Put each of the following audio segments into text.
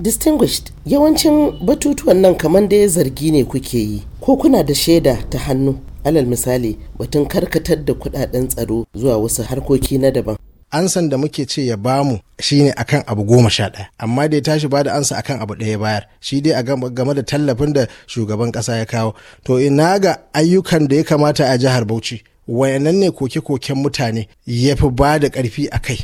distinguished yawancin batutuwan nan kamar da ya zargi ne kuke yi ko kuna da shaida ta hannu alal misali batun karkatar da kudaden tsaro zuwa wasu harkoki na daban ansan da muke ce ya bamu shine akan abu goma sha ɗaya amma da ya tashi bada ansa akan abu ɗaya bayar shi dai a game da tallafin da shugaban ƙasa ya kawo to ina ga ayyukan da ya kamata a jihar bauchi wayannan ne koke-koken mutane ya fi ba da ƙarfi a kai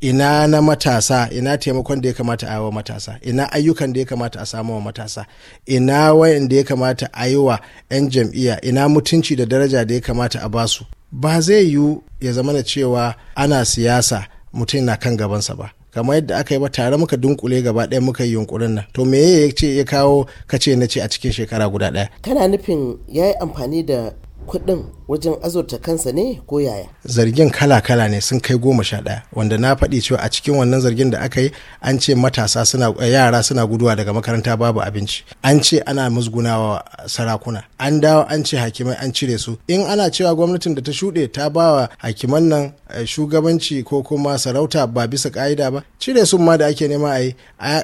ina na matasa ina taimakon da ya kamata a wa matasa ina ayyukan da ya kamata a samu wa matasa ina wayan da ya kamata a yi wa 'yan jam'iyya ina mutunci da daraja da ya kamata a basu ba zai yiwu ya zama da cewa ana siyasa mutum na kan gabansa ba kamar yadda aka yi ba tare muka dunkule gaba ɗaya muka yi yunkurin nan to me ya ce ya kawo kace na ce a cikin shekara guda ɗaya kana nufin ya yi amfani da kuɗin wajen azurta kansa ne ko yaya zargin kala-kala ne sun kai goma sha ɗaya wanda na faɗi cewa a cikin wannan zargin da aka yi an ce matasa suna eh, yara suna guduwa daga makaranta babu abinci an ce ana musgunawa sarakuna an dawo an ce hakimai an cire su in ana cewa gwamnatin da ta shuɗe ta bawa hakiman nan eh, shugabanci ko kuma sarauta ba bisa ka'ida ba cire su ma da ake nema a yi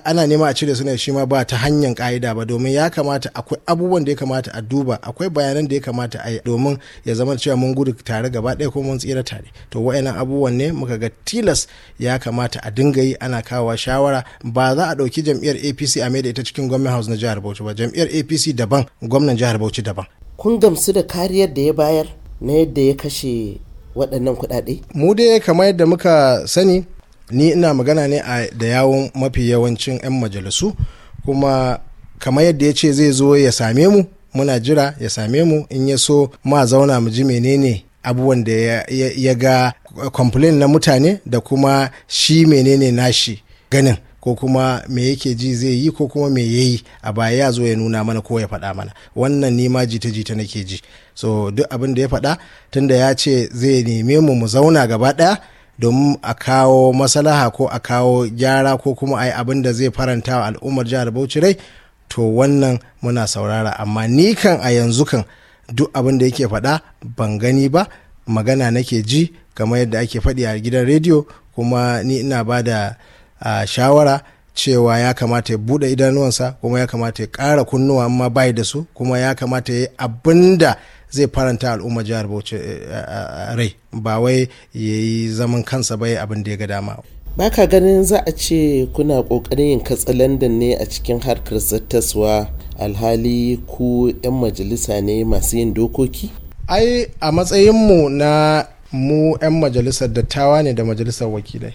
ana nema a cire su ne shi ma ba ta hanyar ka'ida ba domin ya kamata akwai abubuwan da ya kamata a duba akwai bayanan da ya kamata a yi domin ya zama cewa mun gudu tare gaba ɗaya ko mun tsira tare to wa'annan abubuwan ne muka ga tilas ya kamata a dinga yi ana kawo shawara ba za a ɗauki jam'iyyar apc a maida ita cikin gwamnan house na jihar bauchi ba jam'iyyar apc daban gwamnan jihar bauchi daban kun gamsu da kariyar da ya bayar na yadda ya kashe waɗannan kuɗaɗe mu dai kamar yadda muka sani ni ina magana ne a da yawon mafi yawancin 'yan majalisu kuma kamar yadda ya ce zai zo ya same mu muna jira ya same mu in ya so ma zauna mu ji menene abubuwan da ya ga complain na mutane da kuma shi menene nashi ganin ko kuma me yake ji zai yi ko kuma me yayi a baya ya zo ya nuna mana ko ya faɗa mana wannan ni ma jita jita nake ji so duk abin da ya faɗa tunda ya ce zai neme mu mu zauna gaba ɗaya domin a kawo masalaha ko a kawo gyara ko kuma a yi abin da zai faranta wa al'ummar jihar bauchi rai to wannan muna saurara amma ni kan a yanzu kan duk abin da yake faɗa ban gani ba magana nake ji kamar yadda ake faɗi a gidan rediyo kuma ni ina ba da shawara cewa ya kamata ya buɗe idanuwansa kuma ya kamata ya ƙara kunnuwa amma bai da su kuma ya kamata ya yi abin da zai faranta al'umma jihar bauchi eh, eh, eh, rai ba wai ya yi zaman kansa ba abin da ya ga dama ba ka ganin za a ce kuna ƙoƙarin yin katsalandan ne a cikin harkar zattaswa alhali ku 'yan majalisa ne masu yin dokoki ai a matsayinmu na mu 'yan majalisar dattawa ne da majalisar wakilai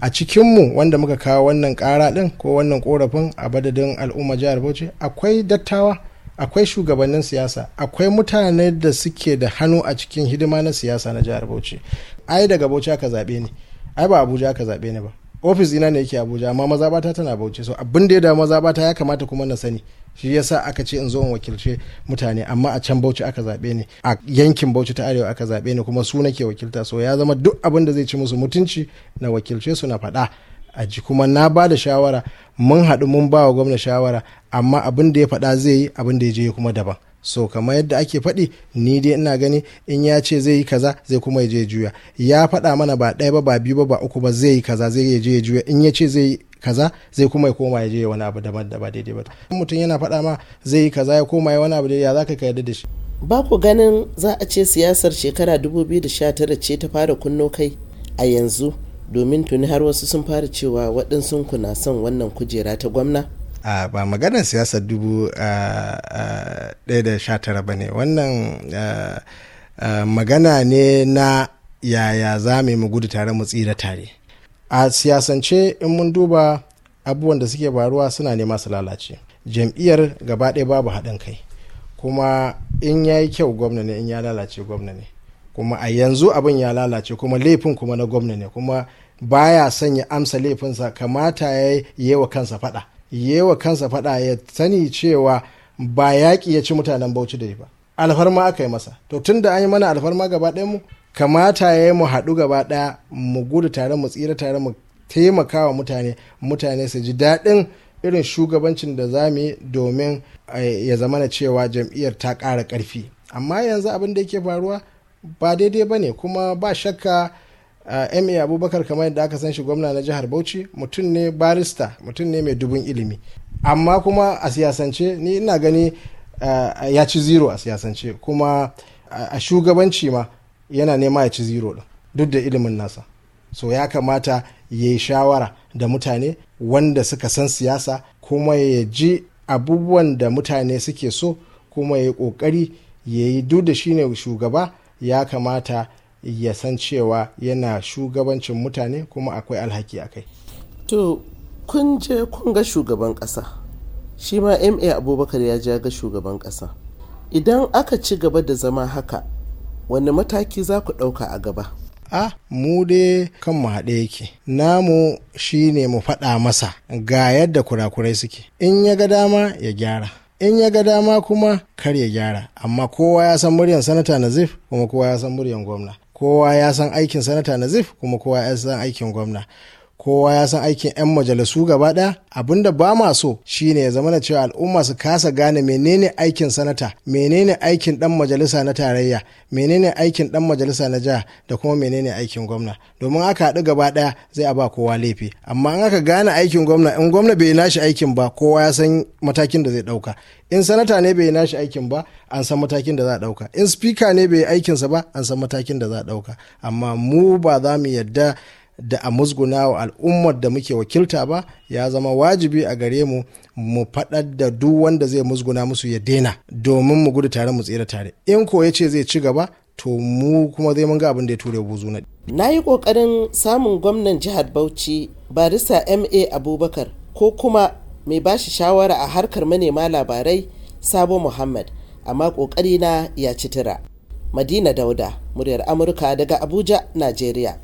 a cikinmu wanda muka kawo wannan ƙara ɗin ko wannan ƙorafin a badadin al'umma jihar bauchi akwai dattawa akwai shugabannin siyasa akwai mutane da suke da hannu a cikin hidima na siyasa na jihar bauchi ai daga bauchi aka zaɓe ne. ai ba abuja aka zaɓe ni ba ofis ina ne yake abuja amma bata tana bauchi so abin da ya da mazabata ya kamata kuma na sani shi yasa aka ce in zo in wakilce mutane amma a can bauchi aka zaɓe ni a yankin bauchi ta arewa aka zaɓe ni kuma su nake wakilta so ya zama duk abin da zai ci musu mutunci na wakilce su na faɗa a ji kuma na ba da shawara mun haɗu mun ba wa gwamna shawara amma abin da ya faɗa zai yi abin da ya je kuma daban so kamar yadda ake faɗi ni dai ina gani in ya ce zai yi kaza zai kuma je juya ya faɗa mana ba ɗaya ba ba biyu ba ba uku ba zai yi kaza zai je juya in ya ce zai yi kaza zai kuma ya koma ya je wani abu daban da ba daidai ba mutum yana faɗa ma zai yi kaza ya koma ya wani abu ya za ka yarda da shi ba ku ganin za a ce siyasar shekara 2019 ce ta fara kunno kai a yanzu domin tuni har wasu sun fara cewa waɗansu kuna son wannan kujera ta gwamna a ba maganar siyasar dubu ɗaya da sha tara ba ne wannan magana ne na yaya za mu gudu tare mu tsira tare a siyasance in mun duba abubuwan da suke faruwa suna nema su lalace jam'iyyar gaba ɗaya babu haɗin kai kuma in ya yi kyau gwamna ne in ya lalace gwamna ne kuma a yanzu abin ya lalace kuma laifin kuma na gwamna ne kuma baya sanya amsa laifinsa kamata ya yi wa kansa faɗa wa kansa faɗa ya sani cewa ba yaƙi ya ci mutanen bauchi da ba alfarma aka yi masa to tun da an yi mana alfarma gaba ɗaya mu kamata ya yi mu haɗu gaba ɗaya mu gudu tare mu tsira tare mu taimaka wa mutane mutane su ji daɗin irin shugabancin da za mu yi domin eh, ya zama na cewa jam'iyyar ta ƙara ƙarfi amma yanzu abin da yake faruwa ba daidai ba ne kuma ba shakka Uh, a ma abubakar kamar yadda aka san shi gwamna na jihar bauchi mutum ne barista mutum ne mai dubun ilimi amma kuma a siyasance ni ina gani uh, ya ci zero a siyasance kuma uh, a shugabanci ma yana nema ya ci zero din duk da ilimin nasa so ya kamata ya yi shawara da mutane wanda suka san siyasa kuma ya ji abubuwan da mutane suke so kuma ya yi kokari ya yi duk da shine shugaba ya kamata ya san cewa yana shugabancin mutane kuma akwai alhaki a kai to kun je kun ga shugaban ƙasa shi ma ma abubakar ya ja ga shugaban ƙasa idan aka ci gaba da zama haka wani mataki za ku ɗauka a gaba a mu dai kanmu haɗe yake namu shi ne mu faɗa masa ga yadda kurakurai suke in ya ga dama ya gyara in ya ga dama kuma kar ya gyara amma kowa ya san muryan sanata nazif kuma kowa ya san muryan gwamna kowa ya san aikin sanata nazif kuma kowa ya san aikin gwamna kowa ya san aikin 'yan majalisu gaba ɗaya abin da ba ma so shine ya zama na cewa al'umma su kasa gane menene aikin sanata menene aikin ɗan majalisa na tarayya menene aikin ɗan majalisa na jiha da kuma menene aikin gwamna domin aka haɗu gaba ɗaya zai a ba kowa laifi amma in aka gane aikin gwamna in gwamna bai nashi aikin ba kowa ya san matakin da zai ɗauka in sanata ne bai nashi aikin ba an san matakin da za a ɗauka in spika ne bai aikinsa ba an san matakin da za a ɗauka amma mu ba za mu yadda da a musguna wa al'ummar da muke wakilta ba ya zama wajibi a gare mu mu faɗar da duk wanda zai musguna musu ya daina domin mu gudu tare mu tsira tare in ko ya ce zai ci gaba to mu kuma zai mun ga abin da ya ture buzu na na yi ƙoƙarin samun gwamnan jihar bauchi barista ma abubakar ko kuma mai bashi shawara a harkar manema labarai sabo muhammad amma ƙoƙari na ya ci tira madina dauda muryar amurka daga abuja najeriya